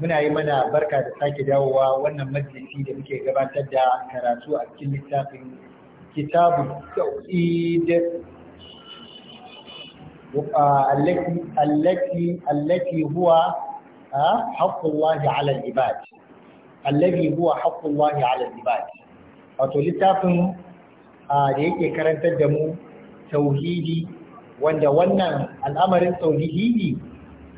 muna yi mana barka da sake dawowa wannan majalisi da muke gabatar da karatu a cikin littafin kitabu tauhid allati allati allati huwa haqqullahi ala al-ibad allazi huwa haqqullahi ala al-ibad wato littafin da yake karantar da mu tauhidi wanda wannan al'amarin tauhidi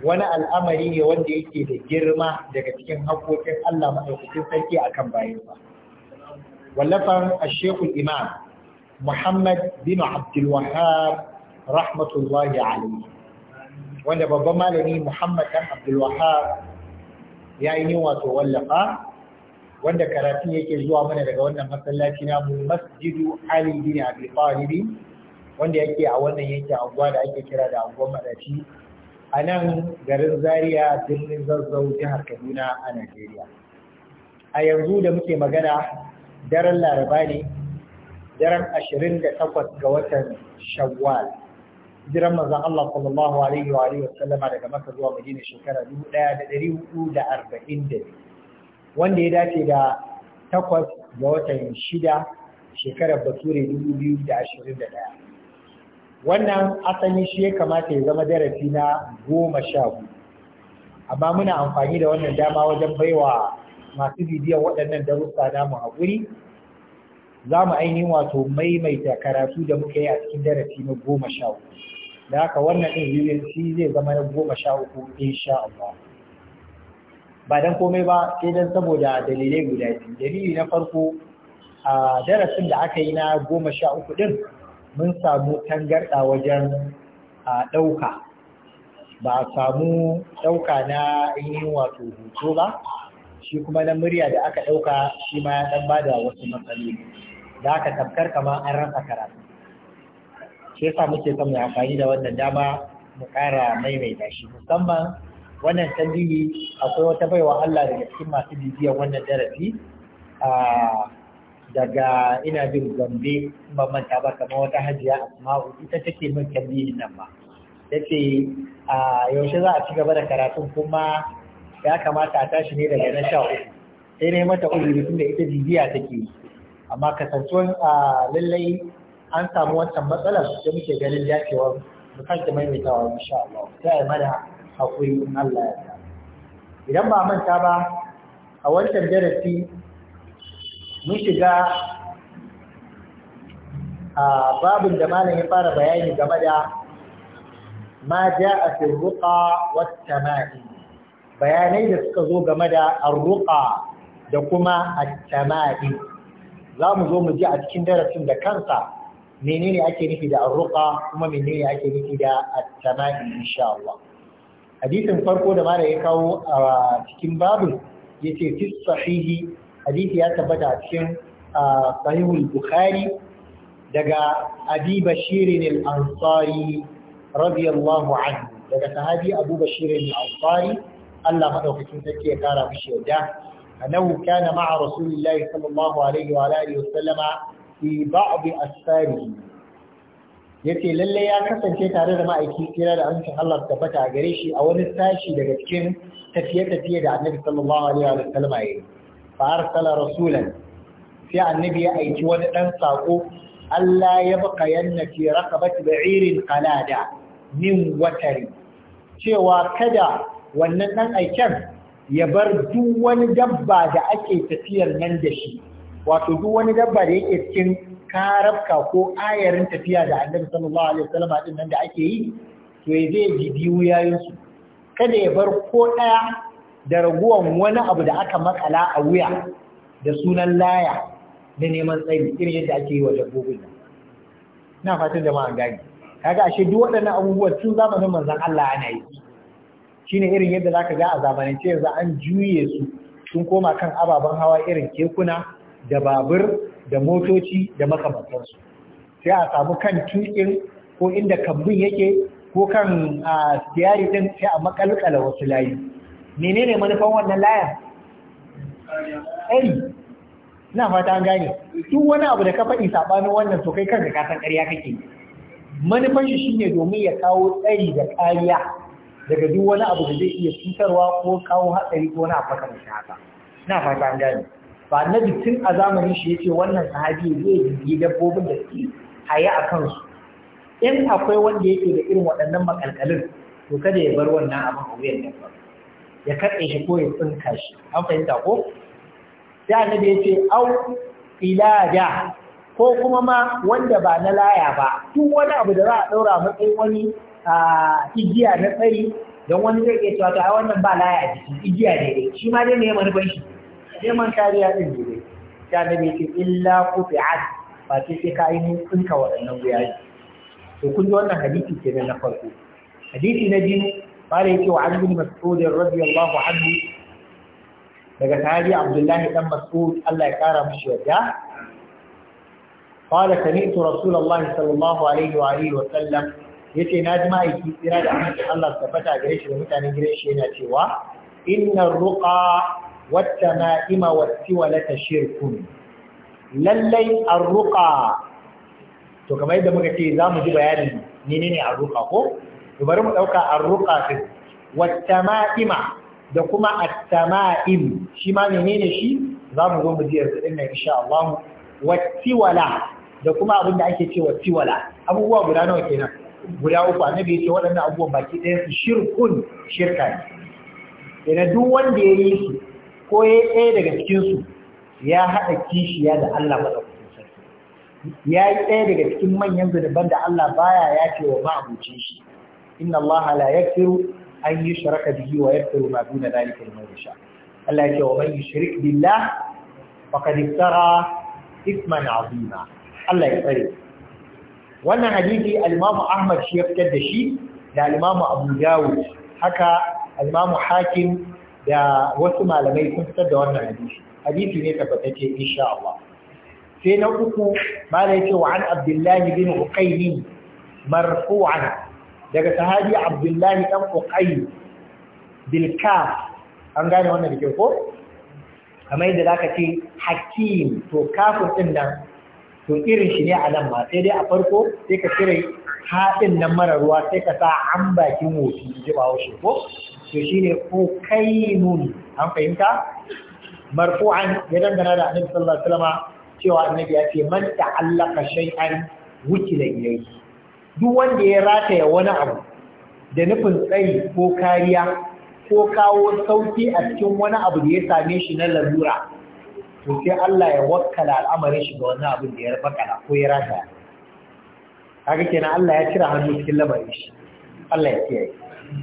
wani al'amari ne wanda yake da girma daga cikin haƙoƙin Allah maɗaukakin sarki a kan bayansa. Wallafan Ashekul Imam Muhammad bin Abdul Wahab rahmatullahi wanda babban malami Muhammad dan Abdul Wahab ya yi wato wallafa wanda karatun yake zuwa mana daga wannan masallaci na Masjidu Ali bin Abi Talib wanda yake a wannan yanki anguwa da ake kira da anguwar Madaci a nan garin zaria birnin zazzau jihar kaduna a najeriya a yanzu da muke magana daren laraba ne daren ashirin da takwas ga watan shawwal jiran mazan Allah sallallahu alaihi wa alihi wasallama daga maka zuwa madina shekara dubu ɗaya da ɗari da arba'in da wanda ya dace da takwas ga watan shida shekarar bature dubu biyu da ashirin da ɗaya wannan asali shi ya kamata ya zama darasi na goma sha hudu amma muna amfani da wannan dama wajen baiwa masu bibiyar waɗannan darussa namu a guri za mu ainihin wato maimaita karatu da muka yi a cikin darasi na goma sha hudu, da haka wannan ɗin shi zai zama na goma sha uku in sha Allah ba dan komai ba sai dan saboda dalilai guda biyu dalili na farko a darasin da aka yi na goma sha uku ɗin mun samu tangarɗa wajen a ɗauka ba a samu ɗauka na ainihin wato hoto ba shi kuma na murya da aka ɗauka shi ma ya ɗan ba da wasu matsaloli da aka tafkar kama an rasa karatu shi yasa muke son mu amfani da wannan dama mu ƙara maimaita shi musamman wannan tambayi akwai wata baiwa Allah daga cikin masu bibiyar wannan darasi a daga ina jin gombe ba manta ba kamar wata hajiya asma'u ita take min kalli nan ba ta ce a yaushe za a ci gaba da karatun kuma ya kamata a tashi ne daga na sha uku sai ne mata uzuri da ita bibiya take yi amma kasantuwan a lallai an samu wancan matsalar da muke ganin dacewar mu kanta maimaitawa sha Allah sai yi mana hakuri in Allah ya sa idan ba manta ba a wancan darasi mun shiga a babin da malam ya fara bayani game da ma a fi ruƙa wat tamani bayanai da suka zo game da arruqa da kuma at-tamani za mu zo mu ji a cikin darasin da kansa menene ake nufi da arruqa kuma menene ake nufi da at-tamani insha Allah hadisin farko da mara ya kawo a cikin babin ce fi sahihi hadisi ya tabbata a cikin sahihul bukhari daga abi bashirin al-ansari radiyallahu anhu daga sahabi abu bashirin al-ansari Allah madaukakin sarki ya kara mishi yadda أنه كان مع رسول الله صلى الله عليه wa sallama. وسلم في بعض أسفاره yace lalle ya kasance tare da ma'aiki kira da amincin Allah tabbata a gare shi a wani sashi daga cikin tafiye-tafiye da Annabi sallallahu alaihi wa sallam ya fa arsala rasulan sai annabi ya aiki wani dan sako Allah ya baka yanna fi raqabati ba'irin qalada min watari cewa kada wannan dan aiken ya bar duk wani dabba da ake tafiyar nan da shi wato duk wani dabba da yake cikin karabka ko ayarin tafiya da annabi sallallahu alaihi wasallam din nan da ake yi to ya zai ji biyu yayin su kada ya bar ko daya da raguwan wani abu da aka makala a wuya da sunan laya da neman tsayi irin yadda ake yi wa dabbobin nan ina fatan jama'an gani kaga ashe duk waɗannan abubuwan tun zamanin manzon Allah ana yi shine irin yadda zaka ga a zamanance yanzu an juye su sun koma kan ababen hawa irin kekuna da babur da motoci da makamantansu sai a samu kan tukin ko inda kambun yake ko kan ah, tiyari din sai a makalkala wasu layi menene manufan wannan laya ƙari ina fata an gane duk wani abu da ka faɗi saɓanin wannan to kai kanka kasan ƙarya kake manufan shi shine domin ya kawo tsari da kariya daga duk wani abu da zai iya cutarwa ko kawo hatsari ko wani abu shi haka ina fata an gane ba na tun a zamanin shi yace wannan sahabi zai bibiyi dabbobin da suke haye a kansu in akwai wanda yake da irin waɗannan makalkalin to kada ya bar wannan abin a wuyan dabba ya katse shi ko ya tsinka shi an fahimta ko sai annabi ya ce au ilada ko kuma ma wanda ba na laya ba duk wani abu da za a ɗaura matsayin wani igiya na tsari don wani zai iya cewa ta wannan ba laya a jiki igiya ne dai shi ma dai ne manufan shi neman kariya ɗin ne dai ta annabi ya ce illa kufi'at ba sai sai ka yi tsinka waɗannan guyaye to kun ji wannan hadisi kenan na farko hadisi na biyu قال يتي وعن ابن مسعود رضي الله عنه daga sahabi Abdullahi dan Mas'ud Allah ya kara mishi yarda qala sami'tu Rasulullah sallallahu alaihi wa alihi wa yace na ji ma'aiki tsira da aminci Allah tabbata gare shi da mutanen gidan shi yana cewa inna ruqa wattama'ima wattiwalata shirkun lallai arruqa to kamar yadda muka ce zamu ji bayanin menene arruqa ko bari mu ɗauka arruqa din wattama'ima da kuma attama'im shi ma menene shi za mu zo mu ji yanzu din nan insha Allah wattiwala da kuma abin da ake ce wattiwala abubuwa guda nawa kenan guda uku annabi ya ce waɗannan abubuwan baki ɗaya su shirkun shirka ne Ina duk wanda ya yi su ko ya ɗaya daga cikin su ya haɗa kishiya da Allah ba ya yi ɗaya daga cikin manyan zunuban da Allah baya ya ce wa ma'abucin shi إن الله لا يكفر أن يشرك به ويكفر ما دون ذلك لمن يشاء. الله ومن يشرك بالله فقد افترى إثما عظيما. الله يقول وأنا حديثي الإمام أحمد شيخ كدشي دا الإمام أبو داود حكى الإمام حاكم دا وسمى لمي كنت تدى وأنا حديثي. حديثي نتبتك إن شاء الله. سينا أبوكو ما لا عن عبد الله بن عقيم مرفوعا daga sahabi abdullahi dan uqay bilka an gane wannan da ke ko kamar yadda zaka ce hakim to kafin din nan to irin shi ne a nan ma sai dai a farko sai ka cire haɗin nan mara ruwa sai ka sa an bakin wofi ji ba ko to shine uqaynun an fahimta marfu'an ya dangana da annabi sallallahu alaihi wasallam cewa annabi ya ce man ta'allaka shay'an wukila ilayhi duk wanda ya rataya wani abu da nufin tsayi ko kariya ko kawo sauki a cikin wani abu da ya same shi na lalura to sai Allah ya wakkala al'amarin shi ga wannan abin da ya bakala ko ya rataya kaga kenan Allah ya cira hannu cikin lamarin shi Allah ya kiyaye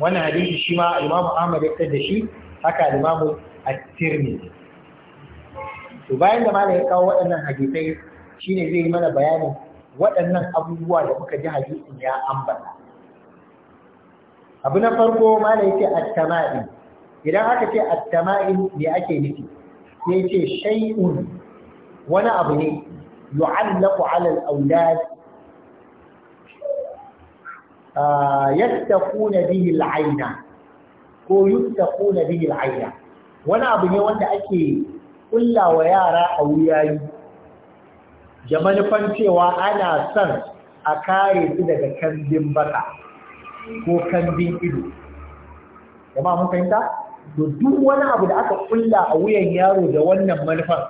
wannan hadisi shi ma Imam Ahmad ya da shi haka Imam At-Tirmidhi to bayan da malai ya kawo waɗannan hadisai shine zai yi mana bayanin waɗannan abubuwa da muka ji hadisin ya ambata abu na farko malai yake at idan aka ce at me ake nufi sai ce shay'un wani abu ne yu'allaqu 'ala al-awlad yattaquna bihi al-'ayna ko yuttaquna bihi al-'ayna wani abu ne wanda ake kullawa yara a wuyayi da manufan cewa ana son a kare su daga kambin baka ko kambin ido jama mun fahimta to duk wani abu da aka kulla a wuyan yaro da wannan manufan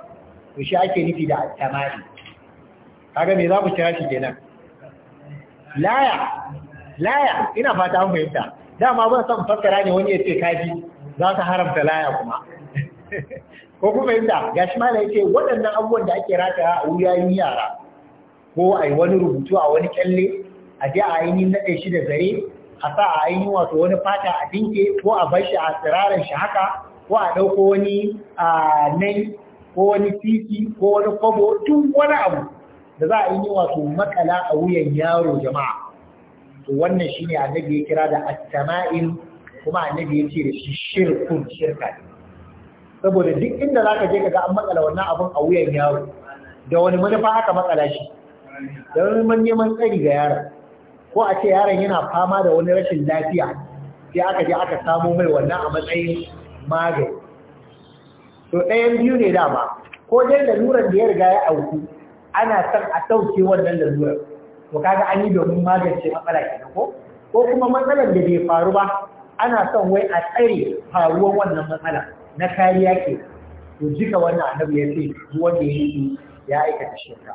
to shi ake nufi da tamari. kaga me za mu kira shi kenan laya laya ina fata an fahimta dama ban son fassara ne wani ya ce kaji za su haramta laya kuma ko kuma yadda ga shi mana yake waɗannan abubuwan da ake rataya a yin yara ko a wani rubutu a wani kyalle a je a ainihin naɗe shi da zare a sa a ainihin wato wani fata a dinke ko a bar shi a tsiraran shi haka ko a ɗauko wani nai ko wani titi ko wani kwabo tun wani abu da za a yi wato makala a wuyan yaro jama'a to wannan shine annabi ya kira da at-tama'il kuma annabi ya ce da shi shirkun shirka ne saboda duk inda za ka je ka ga an matsala wannan abin a wuyan yaro da wani manufa haka matsala shi da wani neman tsari ga yaron ko a ce yaron yana fama da wani rashin lafiya sai aka je aka samo mai wannan a matsayin magani to ɗayan biyu ne dama ko dai lalurar da ya riga ya auku ana son a sauke wannan lalurar to kaga an yi domin magance matsala kenan ko ko kuma matsalar da bai faru ba ana son wai a tsare faruwar wannan matsalar. na kariya ke to jika wannan annabi ya ce wanda ya yi ya aikata shirka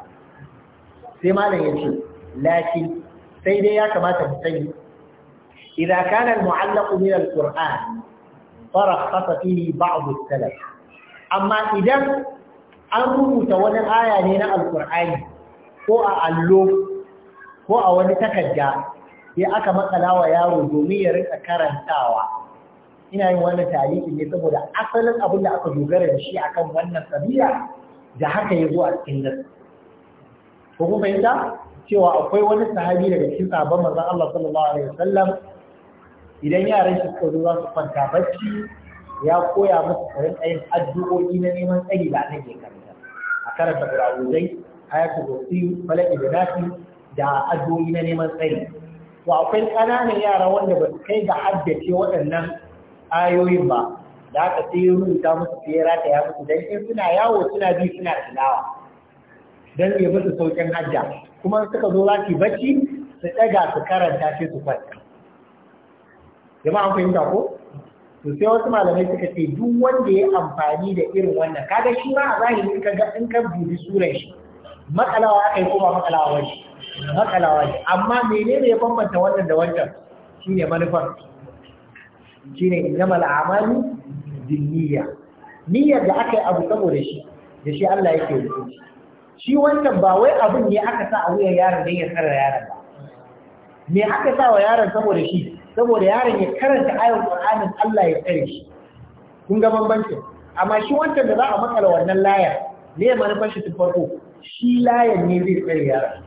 sai malam ya ce lakin sai dai ya kamata mu sani idza kana al min al-qur'an fihi ba'd salaf amma idan an rubuta wani aya ne na al ko a allo ko a wani takarda sai aka makala wa yaro domin ya rika karantawa ina yin wannan tarihi ne saboda asalin abin da aka dogara da shi akan wannan kabila da haka ya zo a cikin ko kuma fahimta cewa akwai wani sahabi daga cikin sahabban manzon Allah sallallahu alaihi wasallam idan yaran shi suka zo za su kwanta bacci ya koya musu karin ayin addu'o'i na neman tsari da nake karanta a karanta burabuzai ayatul kursi falaki da nafi da addu'o'i na neman tsari to akwai kananan yara wanda ba su kai ga haddace waɗannan ayoyin ba da aka sai ya rubuta musu ta ya musu dan in suna yawo suna bi suna tilawa dan ya musu saukin hajja kuma suka zo za su bacci su daga su karanta sai su kwanta jama'a an fahimta ko to sai wasu malamai suka ce duk wanda ya amfani da irin wannan kaga shi ma a zahiri ka ga in ka dubi shi makalawa aka yi matsalawa makalawa makalawa amma menene ya bambanta wannan da wancan shine manufar shine innamal a'malu binniyya niyyar da aka yi abu saboda shi da shi Allah yake yi. shi wancan ba wai abin ne aka sa a wuyan yaron don ya karanta yaron ba me aka sa wa yaron saboda shi saboda yaron ya karanta ayon Qur'anin Allah ya tsare shi kun ga bambancin amma shi wancan da za a matsala wannan layar ne manufar shi tun farko shi layar ne zai tsare yaron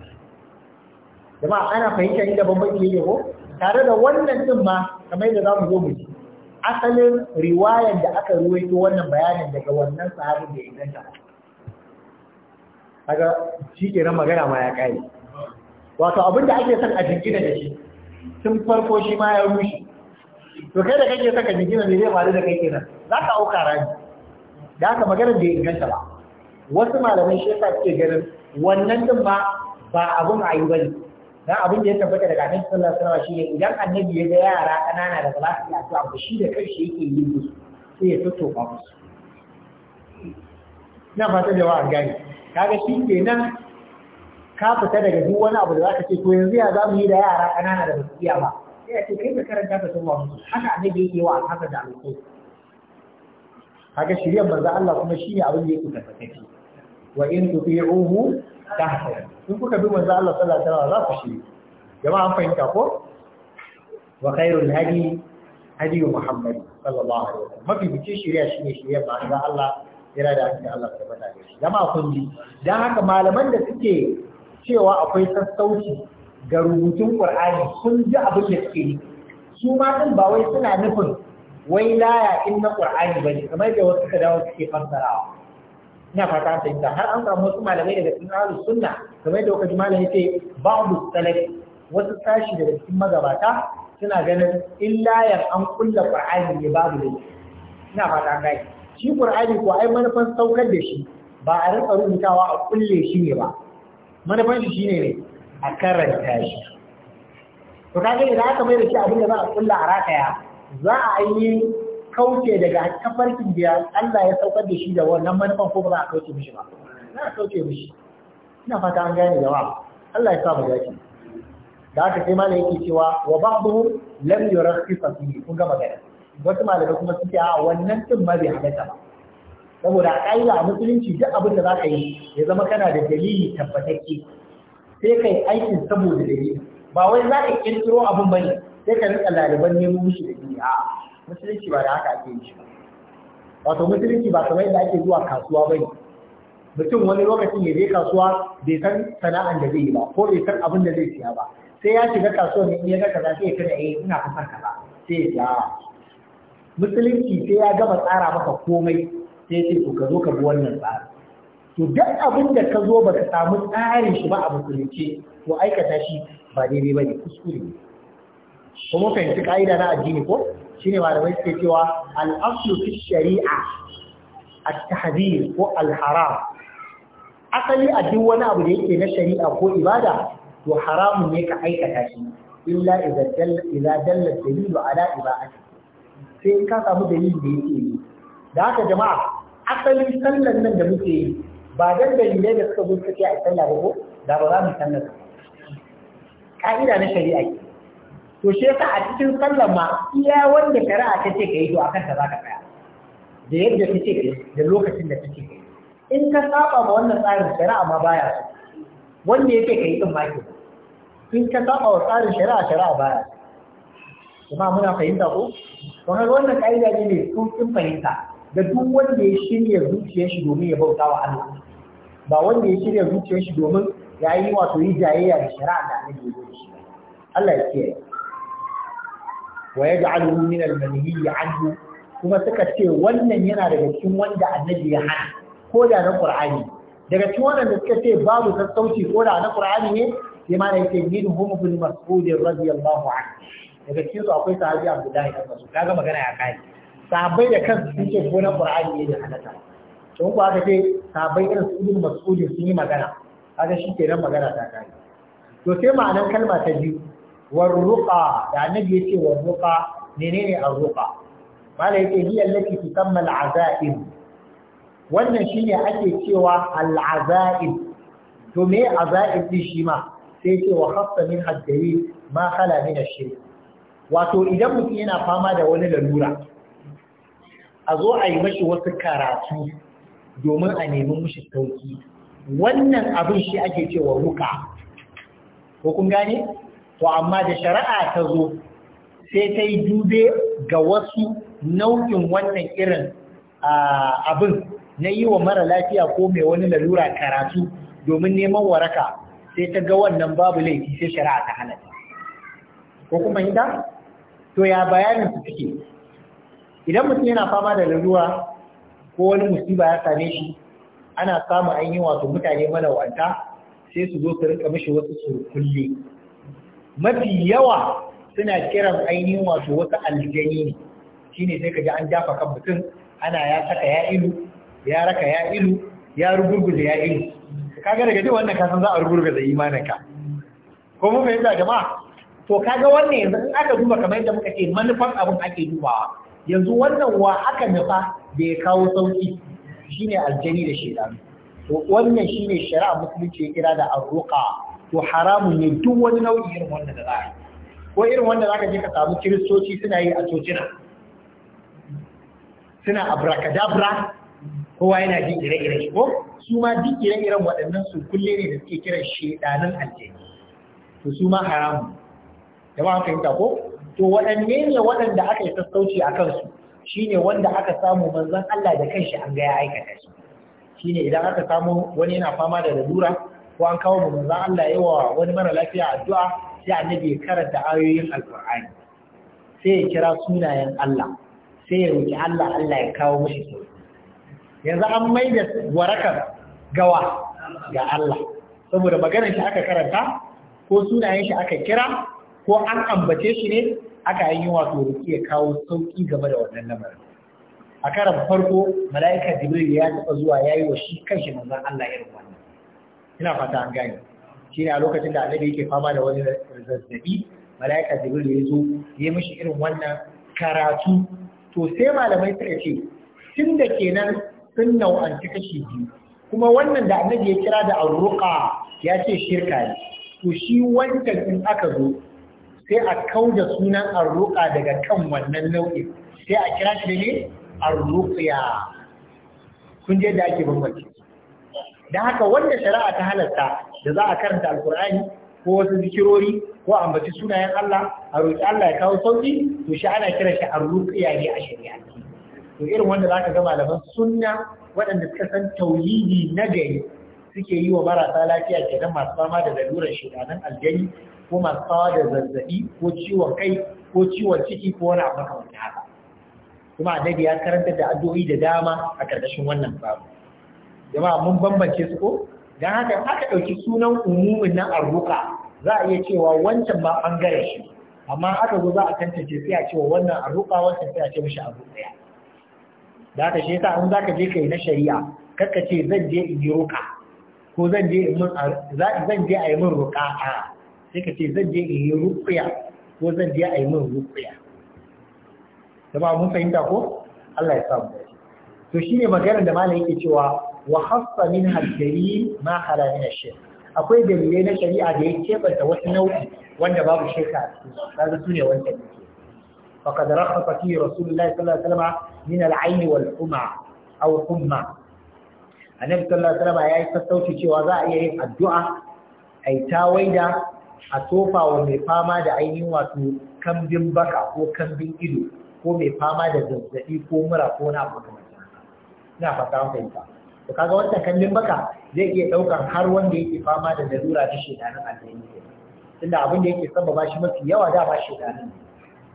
jama'a ana fahimta inda bambanci yake ko tare da wannan din ma kamar yadda za mu zo mu ji asalin riwayar da aka ruwaito wannan bayanin daga wannan sahabin da inganta kaga shi kenan magana ma ya kai. wato abin da ake son a jingina da shi tun farko shi ma ya rushe to kai da kake son ka jingina ne zai faru da kai kenan za ka auka rani da haka maganar da ya inganta ba wasu malamai shi yasa suke ganin wannan din ma ba abin a yi bane na abin da ya tabbata daga annabi sallallahu alaihi wasallam shine idan annabi ya ga yara kanana da ba su iya to shi da kanshi yake yi musu sai ya fito ba musu ina fata da wa'an gani kaga shi ke nan ka fita daga duk wani abu da zaka ce to yanzu ya za mu yi da yara kanana da ba su iya ba sai ya ce kai ka karanta ka tuba musu haka annabi yake wa haka da alƙai kaga shiryan manzo Allah kuma shine abin da yake tabbata wa in tuti'uhu ta hasara in kuka bi manzo Allah sallallahu alaihi wasallam za ku shiri jama'a an fahimta ko wa khairul hadi hadi Muhammad sallallahu alaihi wasallam mafi bikin shiriya shine shiriya manzo Allah yana da hakki Allah ta bada shi jama'a kun ji dan haka malaman da suke cewa akwai sassauci ga rubutun Qur'ani sun ji abin da suke yi su ma din ba wai suna nufin wai laya in na Qur'ani bane kamar da wasu kadawa suke fassarawa ina fata fahimta har an samu wasu malamai daga cikin ahlus sunna kamar yadda kuka ji malam yace ba'du salaf wasu sashi daga cikin magabata suna ganin illayar an kulla qur'ani ne babu da ina fata kai shi qur'ani ko ai manufan saukar da shi ba a rika rubutawa a kulle shi ne ba manufan shi shine ne a karanta shi to kaga idan aka mai da shi abin da za a kulla a rataya za a yi kauce daga tafarkin da Allah ya saukar da shi da wannan manufan ko ba za a kauce mishi ba za a kauce mishi ina fata an gane jama'a Allah ya sa mu dace da haka sai malai yake cewa wa ba'dhu lam yurakhisa fihi kun ga magana wasu malamai kuma suke a wannan din ma bai halatta ba saboda a ƙa'ida a musulunci duk abin da za ka yi ya zama kana da dalili tabbatacce sai ka yi aikin saboda dalili ba wai za ka kirkiro abin bane sai ka rika laliban nemo mishi dalili a musulunci ba da haka ake yi shi wato musulunci ba kamar yadda ake zuwa kasuwa ne, mutum wani lokacin ya je kasuwa bai san sana'an da zai yi ba ko bai san abin da zai siya ba sai ya shiga kasuwa ne ya ga kaza sai ya tana eh ina kusan kaza sai ya siya musulunci sai ya gama tsara maka komai sai ya ce to ka zo ka bi wannan tsari to duk abin da ka zo baka samu tsarin shi ba a musulunci ko aikata shi ba daidai ne kuskure ne kuma fahimci ka'ida na addini ko Shi ne malamai suke cewa al'aslu fi shari'a at-tahdhir ko al-haram asali a duk wani abu da yake na shari'a ko ibada to haramun ne ka aikata shi illa idza dalla idza dalla dalilu ala ibadati sai ka samu dalilin da yake yi da haka jama'a asali sallan nan da muke yi ba dan dalilai da suka zo suka ce a sallah ba ko da ba za mu sallar ka'ida na shari'a to shi yasa a cikin sallar ma iya wanda shari'a ta ce ka yi to akan ta za ka tsaya da yadda ta ce da lokacin da ta ce ka yi in ka saba ma wannan tsarin shari'a ma baya su wanda yake ka yi din maki in ka saba wa tsarin shari'a shari'a baya kuma muna fahimta ko don haka wannan ka'ida ne mai tsokin fahimta da duk wanda ya shirya zuciyar shi domin ya bauta wa Allah ba wanda ya shirya zuciyar shi domin ya yi wato yi jayayya da shari'a da annabi ya da shi Allah ya kiyaye wa yaj'aluhu min al-manhiyyi anhu kuma suka ce wannan yana daga cikin wanda annabi ya hana ko da na qur'ani daga cikin wanda suka ce babu sassauci ko da na qur'ani ne sai ma yake min hum bin mas'ud radiyallahu anhu daga cikin su akwai sahabi abdullahi ibn mas'ud kaga magana ya kai sahabbai da kansu sun ce ko na qur'ani ne da halaka to ku aka ce sahabbai irin su ibn mas'ud sun yi magana kaga shi kenan magana ta kai to sai ma'anan kalma ta biyu warruqa da annabi yace warruqa menene arruqa mala yace hiya allati tusamma al'azaim wannan shine ake cewa al'azaim to me azaim din shi ma sai yace wa khaffa min haddari ma khala min ash-shirk wato idan mutum yana fama da wani lalura a zo a yi mashi wasu karatu domin a nemi mushi sauki wannan abin shi ake cewa ruka ko kun gane to amma da shari'a ta zo sai ta yi dube ga wasu nau'in wannan irin abin na yi wa mara lafiya ko mai wani lalura karatu domin neman waraka sai ta ga wannan babu laifi sai shari'a ta ta. ko kuma hita to ya bayanin su take idan mutum yana fama da lalura ko wani musiba ya same shi ana samun an yi wato mutane malawanta sai su zo su rinka mishi wasu surukulle mafi yawa suna kiran ainihin wato wasu aljani ne Shi ne sai kaji an jafa kan mutum ana ya saka ya ilu ya raka ya ilu ya rugurguza ya ilu kaga daga jin wannan kasan za a rugurguza imaninka ko mun fahimta jama'a to kaga wannan yanzu in aka duba kamar yadda muka ce manufan abin ake dubawa yanzu wannan wa aka nufa da ya kawo sauki shine aljani da shedanu to wannan shine shari'a musulunci ya kira da arruqa to haramun ne duk wani nau'i irin wanda da za a yi ko irin wanda za ka je ka samu kiristoci suna yi a cocina suna abracadabra kowa yana jin ire-iren shi ko su ma duk ire-iren waɗannan su kulle ne da suke kiran shedanin aljani to su ma haramun da ba fahimta ko to waɗanne ne waɗanda aka yi sassauci a kansu shine wanda aka samu manzon Allah da kanshi an ga ya aikata shi shine idan aka samu wani yana fama da lalura ko an kawo mu zan Allah wa wani mara lafiya addu'a sai annabi ya karanta ayoyin alqur'ani sai ya kira sunayen Allah sai ya roki Allah Allah ya kawo mishi sauki yanzu an mai da warakar gawa ga Allah saboda maganar shi aka karanta ko sunayen shi aka kira ko an ambace shi ne aka yi wato roki ya kawo sauki game da wannan lamarin a karan farko mala'ika jibril ya taba zuwa ya yi wa shi kanshi manzon Allah ya rubuta ina fata an gane ne a lokacin da annabi yake fama da wani zazzabi malaika jibril ya zo ya mishi irin wannan karatu to sai malamai suka ce tun da kenan sun nau'anci kashi biyu kuma wannan da annabi ya kira da arruqa ya ce shirka ne to shi wancan in aka zo sai a kau da sunan arruqa daga kan wannan nau'in sai a kira shi da ne arruqiya kun je da ake bambanci da haka wanda shari'a ta halarta da za a karanta alkur'ani ko wasu zikirori ko ambaci sunayen Allah a roƙi Allah ya kawo sauƙi, to shi ana kiran shi arruqiya ne a shari'a to irin wanda zaka ga malaman sunna waɗanda suka san tauhidi na gari suke yi wa marasa lafiya kenan masu fama da lalurar shedanan aljani ko masu fama da zazzabi ko ciwon kai ko ciwon ciki ko wani abu kamar haka kuma annabi ya karanta da addu'o'i da dama a ƙarƙashin wannan babu jama'a mun bambance su ko dan haka aka ɗauki sunan umumin nan arruka za a iya cewa wancan ba bangare shi amma aka zo za a tantance sai a ce wannan arruka wancan sai a ce mishi abu daya da haka shi yasa an za ka je kai na shari'a kakka ce zan je in yi ruka ko zan je in zan je a yi min ruka a sai ka ce zan je in yi rukuya ko zan je a yi min rukuya Jama'a mun fahimta ko Allah ya samu to shine maganar da malam yake cewa wa hassa min hajjari ma hala min shirk akwai dalilai na shari'a da ya kebanta wasu nau'i wanda babu shirka a cikin kaga su ne wanda ne faqad rakhasa fi rasulillahi sallallahu alaihi wasallam min al-ayn wal huma aw humma annabi sallallahu alaihi wasallam yayi sassauci cewa za a iya yin addu'a a yi tawaida a tofa wa mai fama da ainihin wato kambin baka ko kambin ido ko mai fama da zazzaɓi ko mura ko na abu kamar ina fata an fahimta to kaga wannan kallin baka zai iya daukar har wanda yake fama da larura ta shedanin aljani tunda abin da yake sababa shi mafi yawa da ba shedanin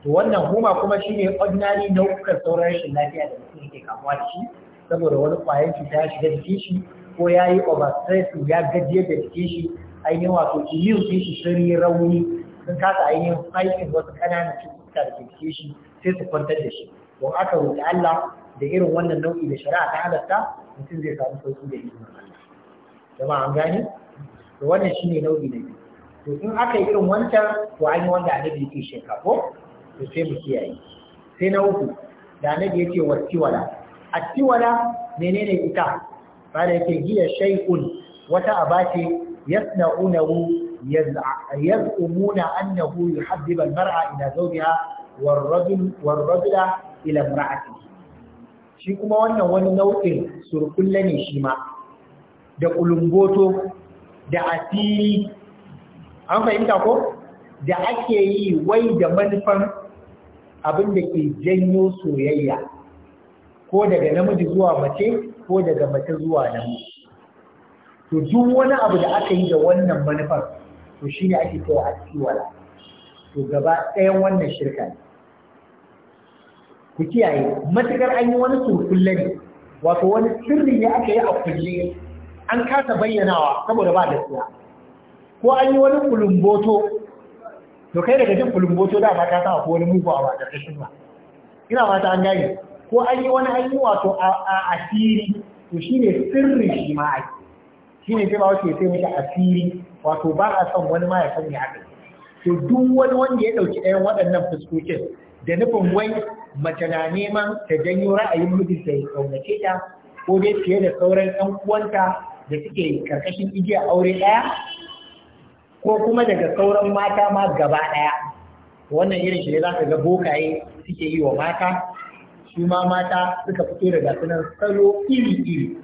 to wannan huma kuma shine ordinary nau'ukan sauran rashin lafiya da mutum yake kamuwa da shi saboda wani kwayan cuta ya shiga jikin shi ko ya yi stress, ya gajiyar da jikin shi ainihin wato immune din shi sun yi rauni sun kasa ainihin fighting wasu ƙananan cututtuka da ke jikin shi sai su kwantar da shi don aka roƙi Allah da irin wannan nau'i da shari'a ta halatta mutum zai samu sauki da izinin Allah jama'a an gane to wannan shine nau'i na biyu to in aka yi irin wancan to an yi wanda annabi yake sheka ko to sai mu kiyaye sai na uku da annabi yake wa attiwala menene ita bada yake giya shay'un wata abace yasna'unahu yaz'umuna annahu yuhabbiba al-mar'a ila zawjiha war-rajul war-rajula ila imra'atihi shi kuma wannan wani nau'in surkulle ne shi ma da kulumboto da asiri an fahimta ko da ake yi wai da manufan abin da ke janyo soyayya ko daga namiji zuwa mace ko daga mace zuwa namiji to duk wani abu da aka yi da wannan manufan to shine ake cewa wala. to gaba ɗayan wannan shirka ne ku kiyaye matukar an yi wani surkulle ne wato wani sirri ne aka yi a kulle an kasa bayyanawa saboda ba gaskiya ko an yi wani kulumboto to kai daga jin kulumboto da ba ka sa ko wani mugu a wajen karkashin ba ina mata an gane ko an yi wani an yi wato a asiri to shine sirri shi ma ai shine sai ba wace sai miki asiri wato ba a son wani ma ya sani haka to duk wani wanda ya dauki ɗayan waɗannan fuskokin da nufin wai mace na neman ta janyo ra'ayin mijinta ya kaunace ta ko dai fiye da sauran ɗan uwanta da suke karkashin igiya aure ɗaya ko kuma daga sauran mata ma gaba ɗaya wannan irin shi ne za ka ga bokaye suke yi wa mata su ma mata suka fito daga sunan salo iri-iri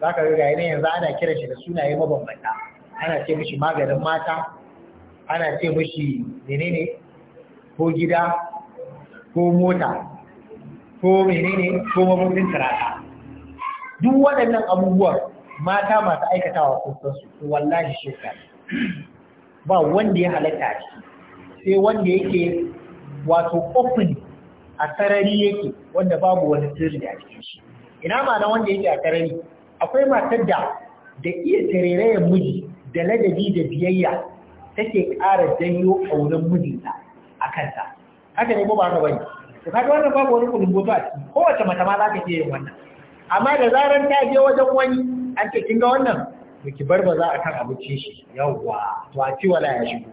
za ka ga yanayin yanzu ana kiran shi da sunaye mabambanta ana ce mishi maganin mata ana ce mishi menene ko gida ko mota ko menene ko mabudin duk waɗannan abubuwan mata masu aikatawa kusansu wallahi shekar ba wanda ya halatta shi sai wanda yake wato open a sarari yake wanda babu wani sirri a cikin shi ina mana wanda yake a sarari akwai matar da da iya tarerayen miji da ladabi da biyayya take ƙara janyo ƙaunar mijinta a kansa haka ne ko ba haka bane to kaga wannan babu wani kulumboto a ciki wace mata ma za ka je yin wannan amma da zaran ta je wajen wani an ce kin ga wannan to ki bar ba za a kan abincin shi yawwa to a ci wala ya shigo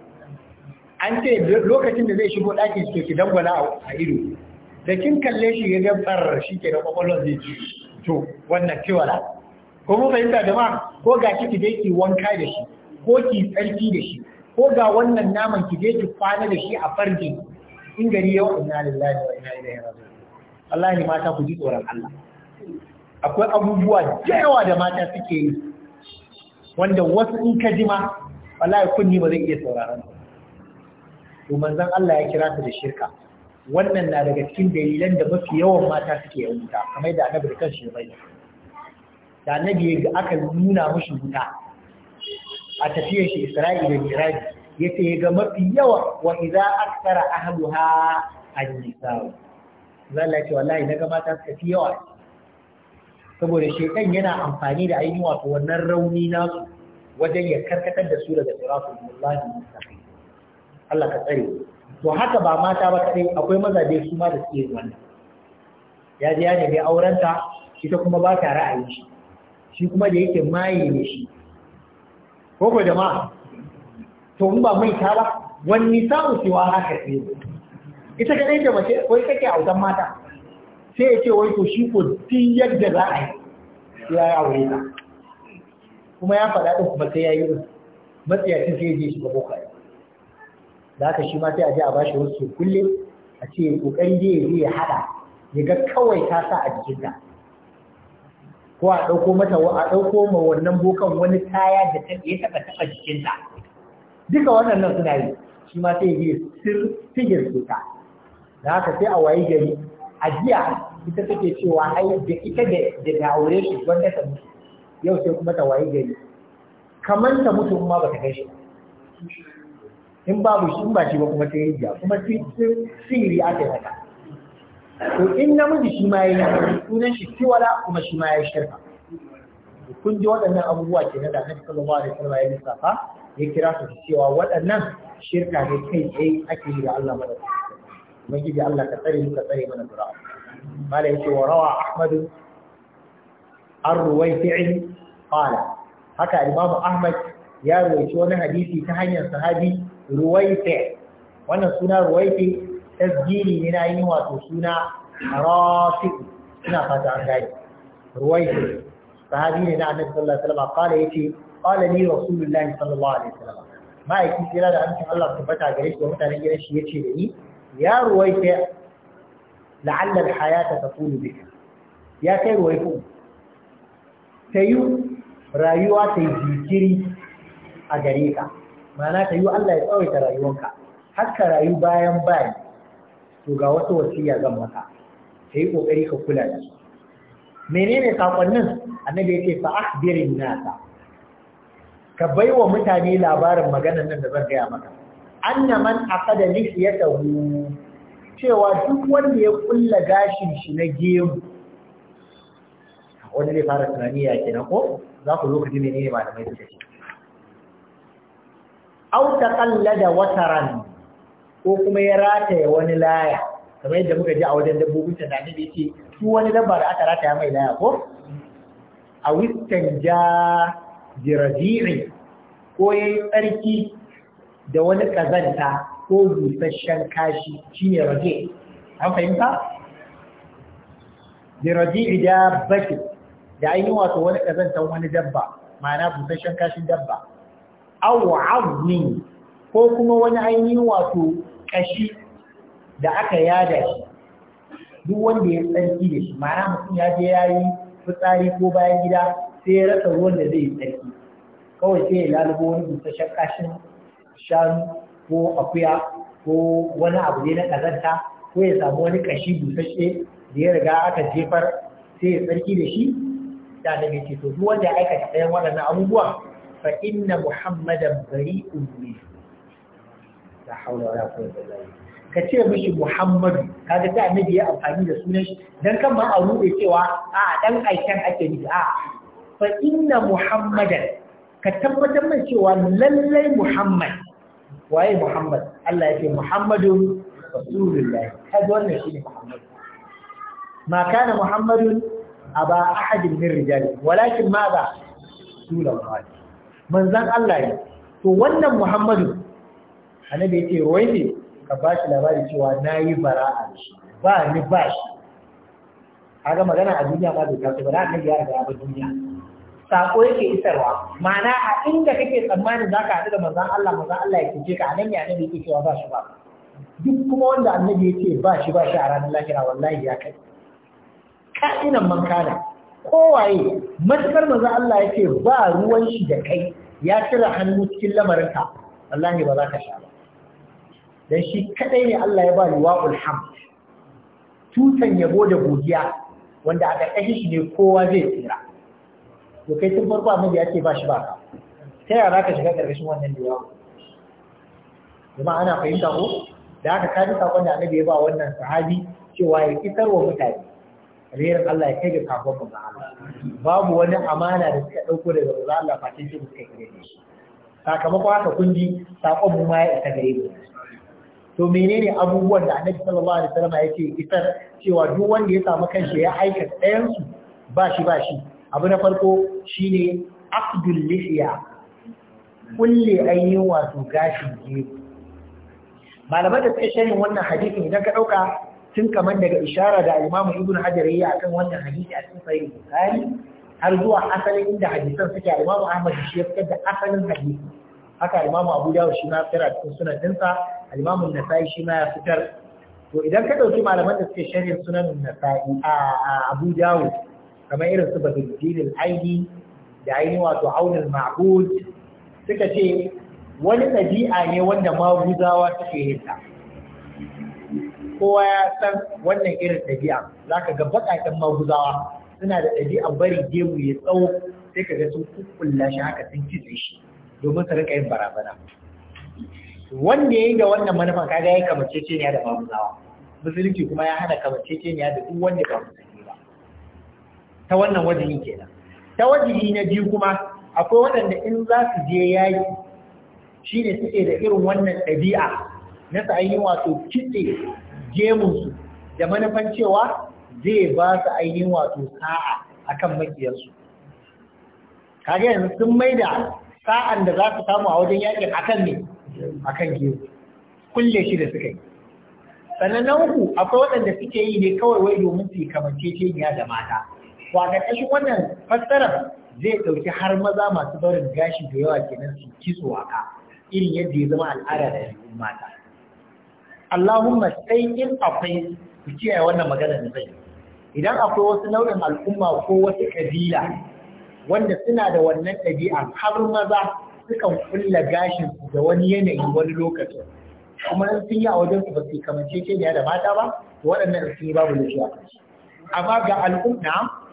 an ce lokacin da zai shigo ɗakin to ki dangwala a ido da kin kalle shi ya gabar shi ke da kwakwalwar zai ci to wannan ci wala ko mu fahimta jama'a ko ga ki ki je ki wanka da shi ko ki tsarki da shi ko ga wannan naman ki je ki kwana da shi a farjin in gari yau inna lillahi wa inna ilaihi raji'un wallahi mata ku ji tsoron Allah akwai abubuwa da yawa da mata suke yi wanda wasu in ka jima ma wallahi kunni ba zai iya sauraron su to manzon Allah ya kira su da shirka wannan na daga cikin dalilan da mafi yawan mata suke yi wuta kamar da annabi da kanshi bai da annabi aka nuna mushi wuta a tafiyar shi Isra'i da Miraji Ya yace ga mafi yawa wa idza akthara ahluha an-nisa zalla ce wallahi ga mata suka fi yawa saboda shekan yana amfani da ainihin wato wannan rauni nasu wajen ya karkatar da su daga siratul mullahi mustaqim Allah ka tsare to haka ba mata ba kadai akwai mazaje su ma da suke wannan ya ji ya bi aurenta ita kuma ba ta ra'ayi shi shi kuma da yake maye ne shi ko ko jama'a to in ba mai ta ba wani sa'u cewa haka ne ita kadai da mace wai a wutan mata sai ya ce wai to shi ko din yadda za a yi ya yi aure ta kuma ya faɗa ɗin kuma sai ya yi matsiyacin sai ya je shi ga boka da haka shi ma sai a je a ba shi wasu kulle a ce kokari je ya je ya haɗa ya ga kawai ta sa a jikinta ko a ɗauko mata a ɗauko ma wannan bokan wani kaya da ta ya taɓa taɓa jikinta duka waɗannan suna yi shi ma sai ya sir figir suka da haka sai a wayi gari a jiya ita take cewa ai da ita da da aure shi wanda ta mutu yau sai kuma ta wayi gari kamar ta mutu kuma ba ta kai shi in babu shi in ba shi ba kuma sai rijiya kuma sihiri aka yi haka to in namiji shi ma ya yi sunan shi kiwala kuma shi ma ya yi shirka kun ji waɗannan abubuwa ke na da annabi sallallahu alaihi wasallam ya lissafa ya kira su cewa waɗannan shirka ne kai tsaye ake yi da Allah mana madaukaki ubangiji Allah ka tsare ka tsare mana dura mala ce wa rawa an ar-ruwayfi'i qala haka imam ahmad ya rawaito wani hadisi ta hanyar sahabi ruwayfi wannan suna ruwayfi tasgiri ne na yi wato suna rafi ina fata an gani ruwayfi sahabi ne na annabi sallallahu alaihi wasallam ya ce. qala li rasulullahi sallallahu alaihi wasallam ma'aikin kira da amincin Allah tabbata gare shi da mutanen gidan shi yace da ni ya ruwaita la'alla al-hayata taqulu bika ya kai ruwaito tayu rayuwa ta yi jikiri a gare ka ma'ana tayu Allah ya tsawaita rayuwanka Haka ka rayu bayan bayi to ga wata wasiya zan maka kai kokari ka kula da su menene sakonnin annabi yake fa akhbirin nasa ka baiwa mutane labarin maganan nan da zan gaya maka anna man aqada lihiyatahu cewa duk wanda ya kulla gashin shi na gemu wanda zai fara tunani ya kenan ko za ku zo ku ji menene malamai suka ce aw taqallada wataran ko kuma ya rataya wani laya kamar yadda muka ji a wajen dabbobin da ne ce su wani dabba da aka rataya mai laya ko a wistan ja birabi'i ko ya yi tsarki da wani ƙazanta ko busasshen kashi shine rage an fahimta? birabi'i da baki da an wato wani ƙazantan wani dabba ma'ana busasshen kashin dabba awa azmin ko kuma wani ainihin wato ƙashi da aka yada shi duk wanda ya tsarki da shi ma'ana mutum ya je ya yi fitsari ko bayan gida sai ya rasa ruwan da zai tsarki kawai sai ya lalubo wani busasshen kashin shanu ko akuya ko wani abu ne na ƙazanta ko ya samu wani kashi busasshe da ya riga aka jefar sai ya tsarki da shi da da mai ceto duk wanda ya aikata ɗayan waɗannan abubuwa fa inna muhammadan bari'un min la hawla wala quwwata illa ka ce mishi Muhammadu ga sai annabi ya amfani da sunan shi dan kan ma a ruɗe cewa a dan aiken ake nufi a fa inna muhammadan ka tabbatar mai cewa lallai muhammad waye muhammad Allah yake muhammadun rasulullahi kaga wannan shine muhammad ma kana muhammadun aba ahadin min rijali walakin ma ba rasulullahi manzan Allah ne to wannan muhammadu annabi yake roye ka bashi shi labari cewa nayi bara'a ba ni bashi, shi magana a duniya ma bai kasu ba da annabi ya riga abin duniya sako yake isarwa ma'ana a inda kake tsammanin ka haɗu da manzon Allah manzon Allah ya kuce ka nan ya annabi yake cewa ba shi ba duk kuma wanda annabi yake ba shi ba shi a ranar lahira wallahi ya kai ka'inan man kana kowaye matukar manzon Allah yake ba ruwan shi da kai ya cire hannu cikin lamarin ka, wallahi ba za ka sha ba dan shi kadai ne Allah ya ba wa'ul hamd tutan yabo da godiya wanda a ƙarƙashin shi ne kowa zai tsira to kai tun farko annabi ya ce ba shi ba ka ta yara ka shiga ƙarƙashin wannan da yawa. kuma ana fahimta ko da aka kaji saƙon sakon da annabi ya ba wannan sahabi cewa ya isar wa mutane alherin Allah ya kai ga kafin manzo Allah babu wani amana da suka ɗauko daga manzo Allah fa sai suka kai ne. sakamakon haka kun ji sakon mu ma ya isa gare mu to menene abubuwan da annabi sallallahu alaihi wasallam yake isar cewa duk wanda ya samu kanshi ya aikata ɗayan su ba shi ba shi abu na farko shine aqdul lihiya kulle ainihin wato gashin gemu Malamar da suke sharin wannan hadisin idan ka ɗauka tun kamar daga ishara da imamu ibnu hajar yayi akan wannan hadisi a cikin sahih bukhari har zuwa asalin inda hadisan suke imamu ahmad shi ya fitar da asalin hadisi haka imamu abu dawud shi ma fitar a cikin sunan dinsa imamu nasa'i shi ma ya fitar to idan ka ɗauki malaman da suke sharin sunan nasa'i a abu kamar irin su badruddin al-aini da aini wato aunul ma'bud suka ce wani ɗabi'a ne wanda maguzawa suke yin ta kowa ya san wannan irin ɗabi'a zaka ga baƙaƙen maguzawa suna da ɗabi'a bari gemu ya tsawo sai ka ga sun kukkulla shi haka sun kitse shi domin su rika yin barazana wanda ya yi da wannan manufa kaga ya ce ne da maguzawa musulunci kuma ya hana ce ne da duk wanda ba musulunci ta wannan wajihi kenan ta wajihi na biyu kuma akwai waɗanda in za su je yayi shine suke da irin wannan ɗabi'a na sa'ayin wato kitse gemunsu da manufan cewa zai ba su ainihin wato sa'a akan makiyarsu kage yanzu sun maida sa'an da za su samu a wajen yakin akan ne akan gemu kulle shi da suka yi sannan na uku akwai waɗanda suke yi ne kawai wai domin su yi ya da mata to a wannan fassarar zai ɗauki har maza masu barin gashi da yawa kenan su kitso a irin yadda ya zama al'ada da yawan mata Allahumma sai in akwai ku kiyaye wannan magana da zai idan akwai wasu nau'in al'umma ko wasu ƙabila, wanda suna da wannan ɗabi'a har maza sukan kulla gashin su da wani yanayi wani lokacin, kuma in sun yi a wajen su ba su kamar ce da mata ba to waɗannan sun yi babu lafiya amma ga al'umma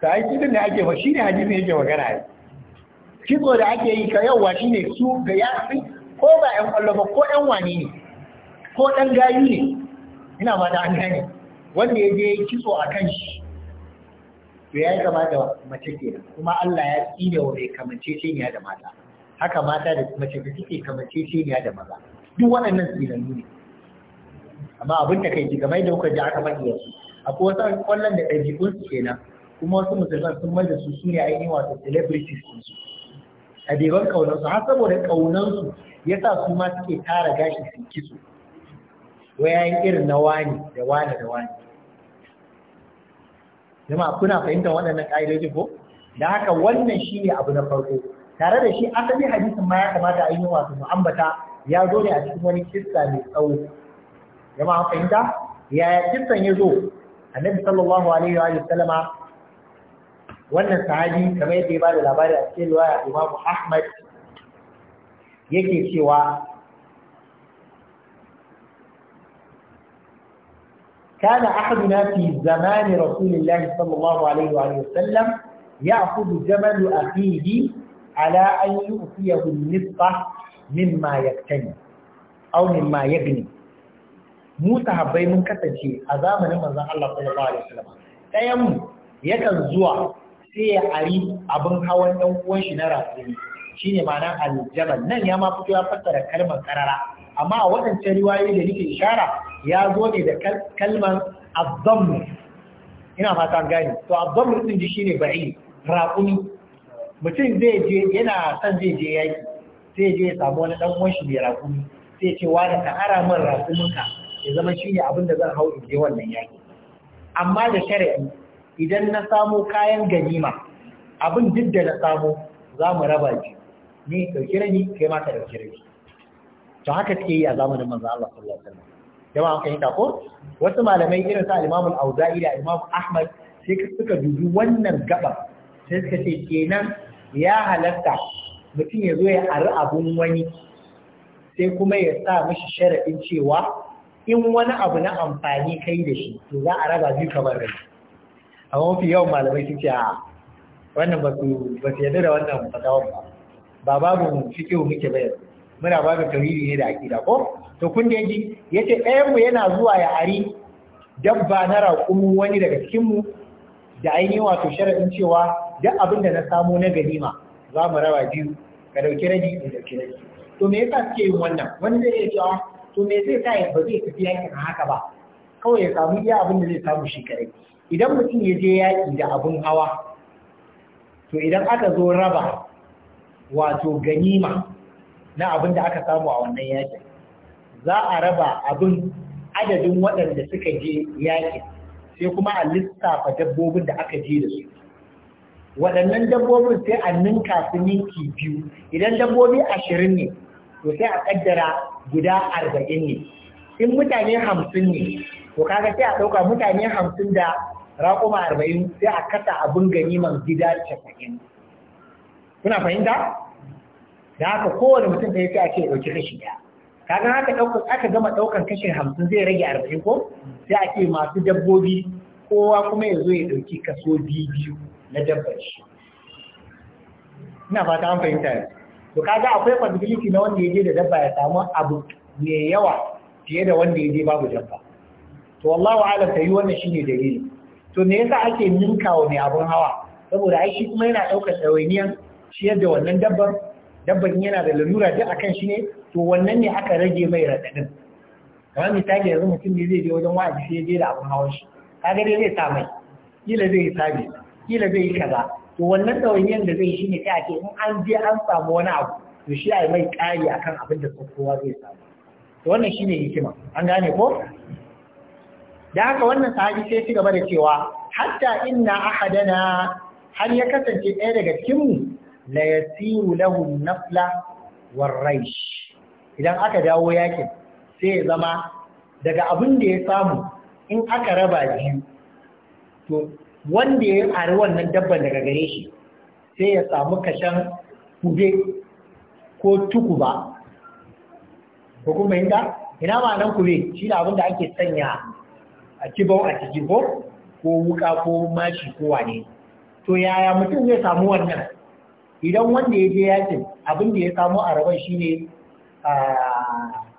ta yi cikin da ake ba shi ne hadisin yake magana ya kitso da ake yi ka yawwa shi ne su ga fi ko ba yan kwallo ba ko yan wani ne ko ɗan gayu ne ina ba da an wanda ya je yi kitso a kan shi to ya yi kama da mace ke kuma Allah ya tsine wa mai kamance ne da mata haka mata da mace da suke kamance ne da maza duk waɗannan tsirannu ne amma abin da kai ji kamar da kuka ji aka faɗi su akwai wasu kwallon da ɗabi'un su kenan kuma wasu musulman sun mai da su su ne ainihin wato celebrities din su ɗabi'un kaunansu har saboda kaunansu ya sa su ma suke tara gashi su kisu wayayin irin na wani da wani da wani jama kuna fahimtar waɗannan ƙa'idoji ko da haka wannan shi ne abu na farko tare da shi asali hadisin ma ya kamata ainihin yi wasu mu'ambata ya zo ne a cikin wani kissa mai tsawo jama'a fahimta ya kissan ya zo annabi sallallahu alaihi wa sallama wannan sahabi kamar yadda ya bada labari a cikin riwaya Imam Ahmad yake cewa كان أحدنا في زمان رسول الله صلى الله عليه وآله وسلم يأخذ جمل أخيه على أن يؤتيه النصف مما يكتني أو مما يبني Musa Habbai mun kasance a zamanin manzon Allah sallallahu alaihi wasallam ɗayan mu yakan zuwa sai ya ari abin hawan ɗan uwan shi na rasuli shine ma'ana aljabal nan ya ma fito ya fassara kalmar karara amma a waɗancan riwayoyi da nake ishara ya zo ne da kalmar azzammu ina fata gani to azzammu din ji shine ba'i raƙumi mutum zai je yana son zai je yaƙi sai je ya samu wani ɗan uwan shi mai raƙumi sai ce wani ka ara min raƙuminka ya zama shi ne abin da zan hau in je wannan yaƙi amma da shari'a idan na samo kayan ganima abin duk da na samo za mu raba ji ni ɗauki rani kai ma ka ɗauki rani to haka suke yi a zamanin manzo Allah sallallahu alaihi wasallam jama'a an ta ko wasu malamai irin sa Imam Al-Auza'i da Imam Ahmad sai suka dubi wannan gaba sai suka ce kenan ya halatta mutum ya zo ya ari abun wani sai kuma ya sa mishi sharaɗin cewa in wani abu na amfani kai da shi to za a raba biyu kamar rai amma mafi yawan malamai sun ce a wannan ba su yadda da wannan fatawar ba ba babu fikihu muke bayar muna ga tauriri ne da akida ko to kun da yaji yace ɗayan mu yana zuwa ya ari dabba na raƙumin wani daga cikin mu da ainihin wato sharaɗin cewa duk abin da na samu na ganima za mu raba biyu ka ɗauki rabi in ɗauki rabi to me yasa suke yin wannan wani zai iya cewa to me zai sa ya ba zai tafi yankin haka ba kawai ya samu iya abin da zai samu shi kare idan mutum ya je yaƙi da abin hawa to idan aka zo raba wato ganima na abin da aka samu a wannan yakin za a raba abin adadin waɗanda suka je yakin sai kuma a lissafa dabbobin da aka je da su waɗannan dabbobin sai a ninka su ninki biyu idan dabbobi ashirin ne to sai a ƙaddara guda arba'in ne in mutane hamsin ne to kaga sai a ɗauka mutane hamsin da raƙuma arba'in sai a kasa abin man gida casa'in kuna fahimta da haka kowane mutum ɗaya sai a ce ɗauki kashi ɗaya kaga haka ɗaukar aka gama ɗaukar kashin hamsin zai rage arba'in ko sai a ce masu dabbobi kowa kuma ya zo ya ɗauki kaso biyu na dabbar shi ina fata an fahimta yanzu to kaga akwai possibility na wanda ya je da dabba ya samu abu mai yawa fiye da wanda ya je babu dabba to ala ta yi wannan shine dalili to me yasa ake ninkawa mai abun hawa saboda ai shi kuma yana daukar ɗawainiyan shi yadda wannan dabban dabban yana da lalura duk akan shi ne to wannan ne aka rage mai raɗaɗin kamar misali yanzu mutum ne zai je wajen wa'azi sai ya je da abun hawan shi kaga dai zai sa mai kila zai yi sabi kila zai yi kaza to wannan ɗawainiyar da zai shi sai a ce in an je an samu wani abu to shi a yi mai kari akan abin da kowa zai samu to wannan shine hikima an gane ko da haka wannan sahabi sai ci gaba da cewa hatta inna ahadana har ya kasance ɗaya daga cikin mu la yasiru lahu nafla war raish idan aka dawo yakin sai ya zama daga abin da ya samu in aka raba biyu to wanda ya ari wannan dabban daga gare shi sai ya samu kashen kube ko tukuba ko kuma inda ina ma nan kube shi da abinda ake sanya a kibau a ciki ko ko wuka ko mashi ko wane to yaya mutum zai samu wannan idan wanda ya je yakin abinda ya samu a rabon shine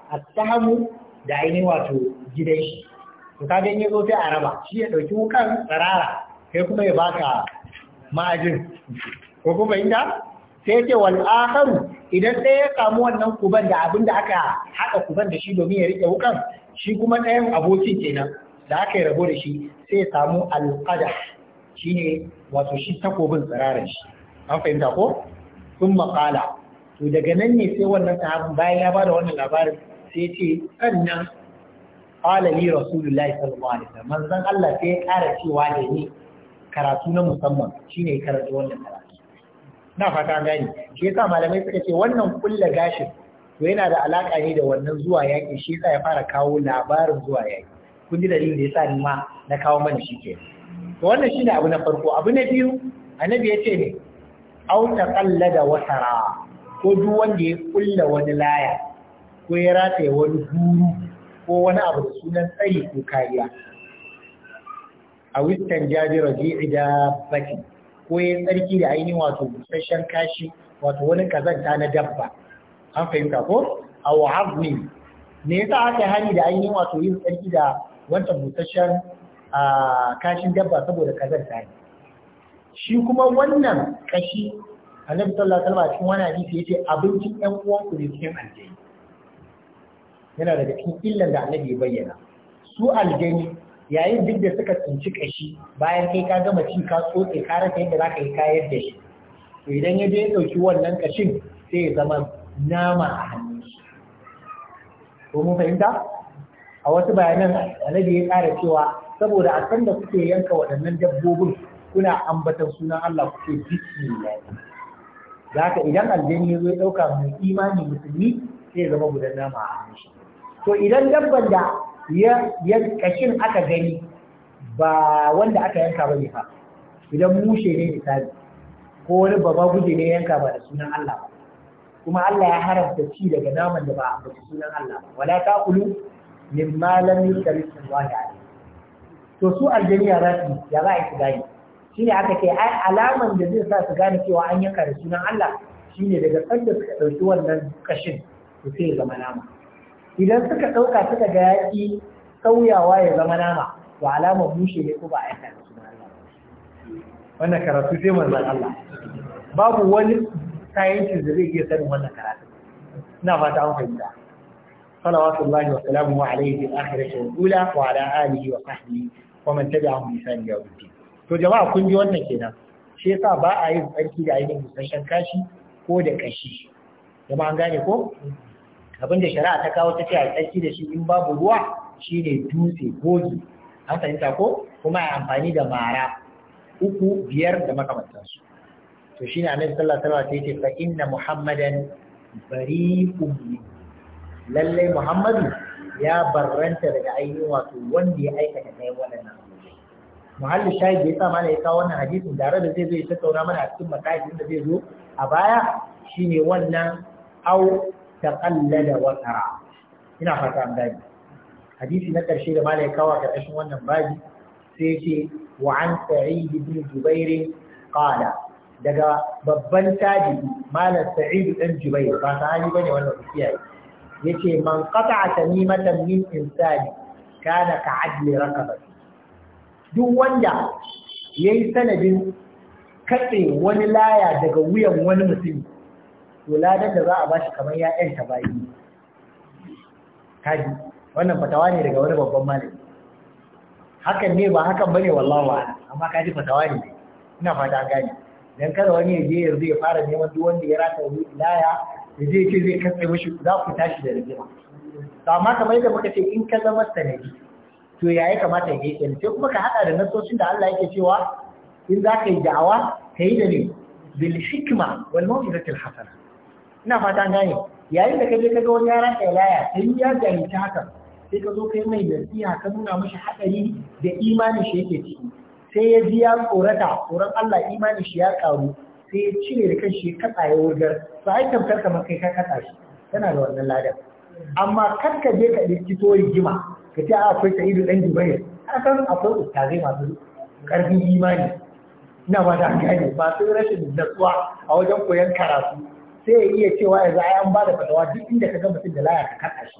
a samu da ainihin wato gidan shi to kaga in ya zo sai a raba shi ya ɗauki wukan tsirara Sai kuma ya baka ma'ajin ko kuma inda sai ce wal akharu idan ɗaya ya samu wannan kuban da abinda aka haɗa kuban da shi domin ya rike wukan shi kuma ɗayan abokin kenan da aka yi rabo da shi sai ya samu alqada shine wato shi takobin tsirarin shi an fahimta ko sun maƙala to daga nan ne sai wannan sahabin bayan ya bada wannan labarin sai ce sannan qala li rasulullahi sallallahu alaihi wasallam manzon Allah sai ya ƙara cewa da ni karatu na musamman shi ne karanta wannan karatu na fata gani shi yasa malamai suka ce wannan kulla gashin to yana da alaka ne da wannan zuwa yaki shi yasa ya fara kawo labarin zuwa yaƙi kun ji dalilin da yasa ni ma na kawo mana shi ke to wannan shi ne abu na farko abu na biyu Anabi ya ce ne au wata rawa ko duk wanda ya kulla wani laya ko ya rataye wani guru ko wani abu da sunan tsayi ko kariya a wistan jabi raji'i da baki ko ya tsarki da ainihin wato busasshen kashi wato wani kazanta na dabba an fahimta ko a ne me sa aka hani da ainihin wato yin tsarki da wancan busasshen kashin dabba saboda kazanta ne shi kuma wannan kashi annabi sallallahu alaihi wasallam cikin wani hadisi yace abincin ƴan uwan ku ne cikin aljani yana daga cikin illan da annabi ya bayyana su aljani yayin duk da suka tsinci kashi bayan kai ka gama ci ka tsotse ka rasa yadda zaka yi kayar da shi to idan ya je ya dauki wannan kashin sai ya zama nama a hannun shi ko mun fahimta a wasu bayanan annabi ya kara cewa saboda a san da kuke yanka waɗannan dabbobin kuna ambatan sunan Allah kuke bismillah zaka idan aljani ya zo ya dauka mai imani musulmi sai ya zama gudan nama a hannun shi to idan dabban da ya kashin aka gani ba wanda aka yanka ba ne fa idan mushe ne misali ko wani baba guje ne yanka ba da sunan Allah ba kuma Allah ya haramta ci daga naman da ba a sunan Allah ba wala taqulu mimma lam yuzkar ismu Allah alayhi to su aljaniya ya za a su gane shine aka ce ai alaman da zai sa su gane cewa an yanka da sunan Allah shine daga sanda suka ɗauki wannan kashin to sai zama nama idan suka ɗauka suka ga yaƙi sauyawa ya zama nama to alamar mushe ne ko ba a da wannan karatu sai manzon Allah babu wani sayanci da zai iya sanin wannan karatu ina fata an fahimta Salawatu salawatullahi wa salamu alaihi fil akhirati wal ula wa ala alihi wa sahbihi wa man tabi'ahum bi ihsan ila yawmiddin to jama'a kun ji wannan kenan shi yasa ba a yin tsarki da ainihin musashen kashi ko da kashi jama'a an gane ko abinda shari'a ta kawo ta ce a tsarki da shi in babu ruwa shine dutse gogi an fahimta ko kuma a amfani da mara uku biyar da makamantansu to shine annabi sallallahu ta yi ce fa inna muhammadan bari'un Lallai muhammadu ya barranta daga ainihin wato wanda ya aikata kai wannan muhalli shayi ya sa mana ya kawo wannan hadisin tare da zai zo ya tattauna mana a cikin matakin da zai zo a baya shine wannan au taqallada wa tara ina fata an hadisi na karshe da malai kawa ka kashin wannan babi sai ce wa an sa'id ibn jubair qala daga babban tabi malam sa'id ibn jubair ba sahabi bane wannan kiyaye yace man qata'a tamimatan min insani kana ka adli rakabati duk wanda yayi sanadin katse wani laya daga wuyan wani mutum to ladan da za a bashi kamar ya ta bayi kaji wannan fatawa ne daga wani babban malami hakan ne ba hakan bane wallahi wa amma kaji fatawa ne ina fata gani dan kada wani ya je yanzu ya fara neman duk wanda ya rata wani ilaya ya je ce zai katse mishi za ku tashi da rigima to amma kamar yadda muka ce in ka zama sanadi to ya ya kamata ya yi sai kuma ka hada da nasoshin da Allah yake cewa in za ka yi da'awa ka yi da ne bil hikma wal mawqifatil hasana ina fata gane yayin da kaje kaga wani yaran kailaya sai ya ta haka sai ka zo kai mai nasiha ka nuna mishi hadari da imanin shi yake ciki sai ya ji ya tsorata tsoron Allah imanin shi ya karu sai ya cire da kanshi ya katsa ya wurgar to ai tamkar kamar kai ka katsa shi tana da wannan ladan amma kar ka je ka likito rigima ka ce a akwai sa'idu dan dubai san akwai ustazai masu karfin imani ina ba da gane masu rashin natsuwa a wajen koyon karatu sai ya iya cewa yanzu ai an ba da fatawa duk inda ka ga mutum da laya ka kaɗa shi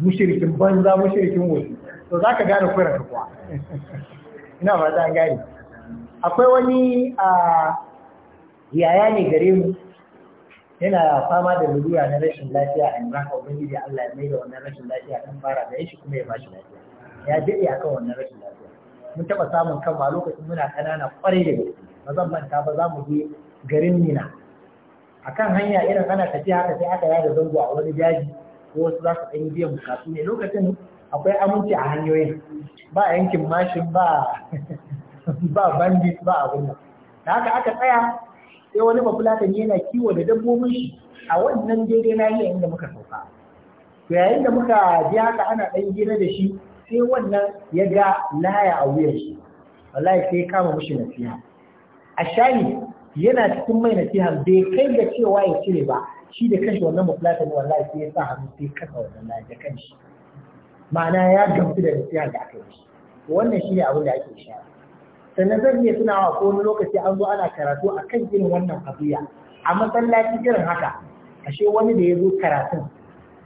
mushirikin banza mushirikin wasu to za ka gane kuran kuwa ina ba za gane akwai wani a yaya ne gare mu yana fama da lura na rashin lafiya a yanzu haka ubangiji Allah ya maida wannan rashin lafiya kan fara da shi kuma ya ba shi lafiya ya daɗe akan wannan rashin lafiya mun taɓa samun kanmu a lokacin muna ƙanana ƙwarai da gaske ba zan manta ba za mu je garin nina. a kan hanya irin ana tafiya haka sai aka yada zango a wani daji ko wasu za su ɗan yi biyan bukatu ne lokacin akwai aminci a hanyoyin ba yankin mashin ba bandit ba abin nan da haka aka tsaya sai wani bafulatan yana kiwo da dabbobin shi a wannan daidai na yi inda muka sauka to yayin da muka ji haka ana ɗan gina da shi sai wannan ya ga laya a wuyan shi wallahi sai kama mushi nasiha a shayi yana cikin mai nasiha bai kai da cewa ya cire ba shi da kanshi wannan mafilata ne wallahi sai ya sa hannu sai kasa wannan da kanshi ma'ana ya gamsu da nasiha da aka yi wannan shi ne abin da ake sha sannan zan iya tunawa ko wani lokaci an zo ana karatu a kan irin wannan abuya a masallaci irin haka ashe wani da ya zo karatun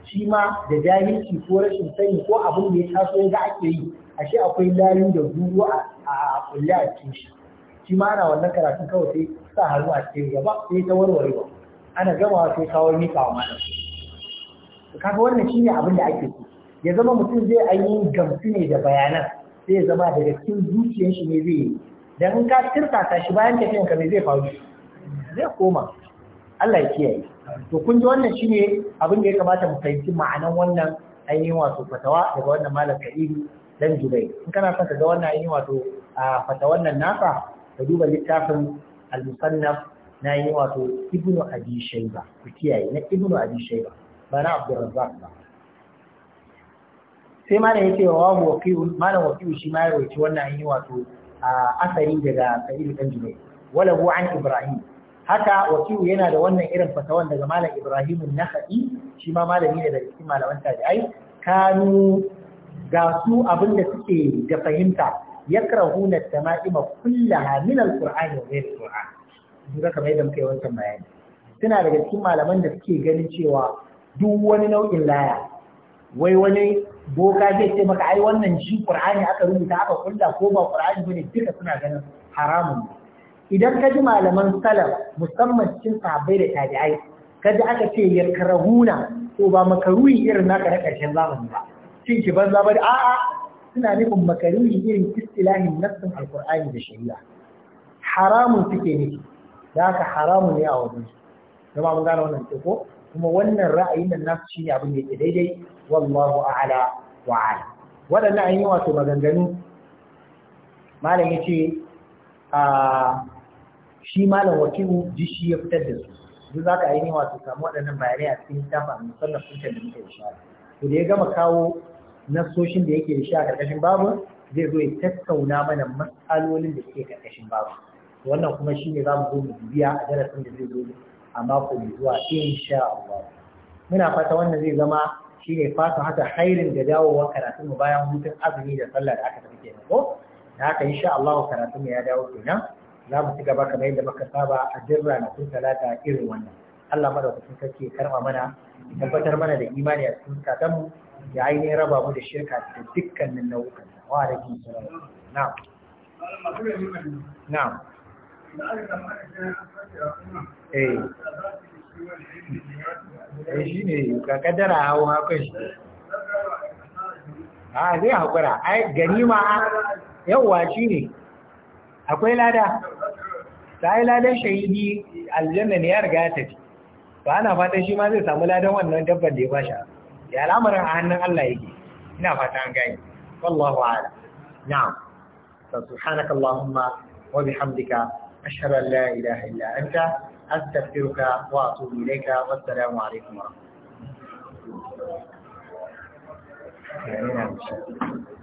shi ma da jahilci ko rashin sani ko abin da ya taso ya ga ake yi ashe akwai layu da guguwa a kulle a cikin shi shi ma ana wannan karatun kawai sai sa hannu a cikin gaba sai ta warware ba ana gama sai kawo mika wa malam kaga wannan shine abin da ake so ya zama mutum zai yi gamsu ne da bayanan sai ya zama daga cikin zuciyar shi ne zai yi dan in ka tirtata shi bayan tafiyan ka zai faru zai koma Allah ya kiyaye to kun ji wannan shine abin da ya kamata mu fahimci ma'anan wannan ainihin wato fatawa daga wannan malam Ka'idu dan Jubai in kana son ka ga wannan ainihin wato a fata wannan nasa ka duba littafin al-musannaf na yi wato ibnu abi shayba ku kiyaye na ibnu abi shayba ba na razzaq ba sai ma da yake wa wahu waqi'u malam shi ma ya rawaci wannan yi wato asari daga sa'idu dan jubair wala huwa an ibrahim haka waqi'u yana da wannan irin fatawan daga malam ibrahim an-nakhai shi ma malami ne daga cikin malaman tabi'ai kanu ga su abinda suke da fahimta yakrahuna tama'ima kullaha min alqur'ani wa ghayr alqur'an duka kamar yadda muka yi wancan bayani suna daga cikin malaman da suke ganin cewa duk wani nau'in laya wai wani boka zai ce maka ai wannan shi qur'ani aka rubuta aka kulla ko ba qur'ani bane duka suna ganin haramun idan ka ji malaman salaf musamman cikin sahabbai da tabi'ai ka ji aka ce ya karahuna ko ba makaruhi irin naka na karshen zamani ba cin ki banza ba a'a suna nufin makaruhi irin istilahin nassin alkur'ani da shari'a haramun suke nufi da haka haramun ne a wajen su zama mun gane wannan ko kuma wannan ra'ayin nan nasu shine abin da yake daidai wallahu a'ala wa a'ala waɗannan an yi wato maganganu malam ya ce shi malam wakilu ji shi ya fitar da su duk za ka ainihin wato samu waɗannan bayanai a cikin littafin musallaf sun da muke ishara to da ya gama kawo nassoshin da yake da shi a ƙarƙashin babu zai zo ya tattauna mana matsalolin da suke ƙarƙashin babu wannan kuma shine za mu zo mu biya a darasin da zai zo a mako mai zuwa insha Allah muna fata wannan zai zama shine fata haka hairin da dawowa karatun mu bayan hutun azumi da sallah da aka tafi kenan ko da haka insha Allah karatun mu ya dawo kenan za mu ci gaba kamar yadda muka saba a jirra na talata irin wannan Allah madaukakin sarki ya karba mana tabbatar mana da imani a cikin katanmu ya ainihin raba mu da shirka da dukkanin nau'ukan wa da ke sarar na na eh. eh shi ne ka kaddara hau hakan shi a zai haƙura ai gani ma yawwa shi ne akwai lada ta yi ladan shahidi aljanna ne ya riga ya tafi ba ana fatan shi ma zai samu ladan wannan dabban da ya ba shi a ya al'amarin a hannun Allah yake ina fata an gani wallahu سبحانك اللهم وبحمدك أشهد أن لا إله إلا أنت أستغفرك وأتوب إليك والسلام عليكم ورحمة الله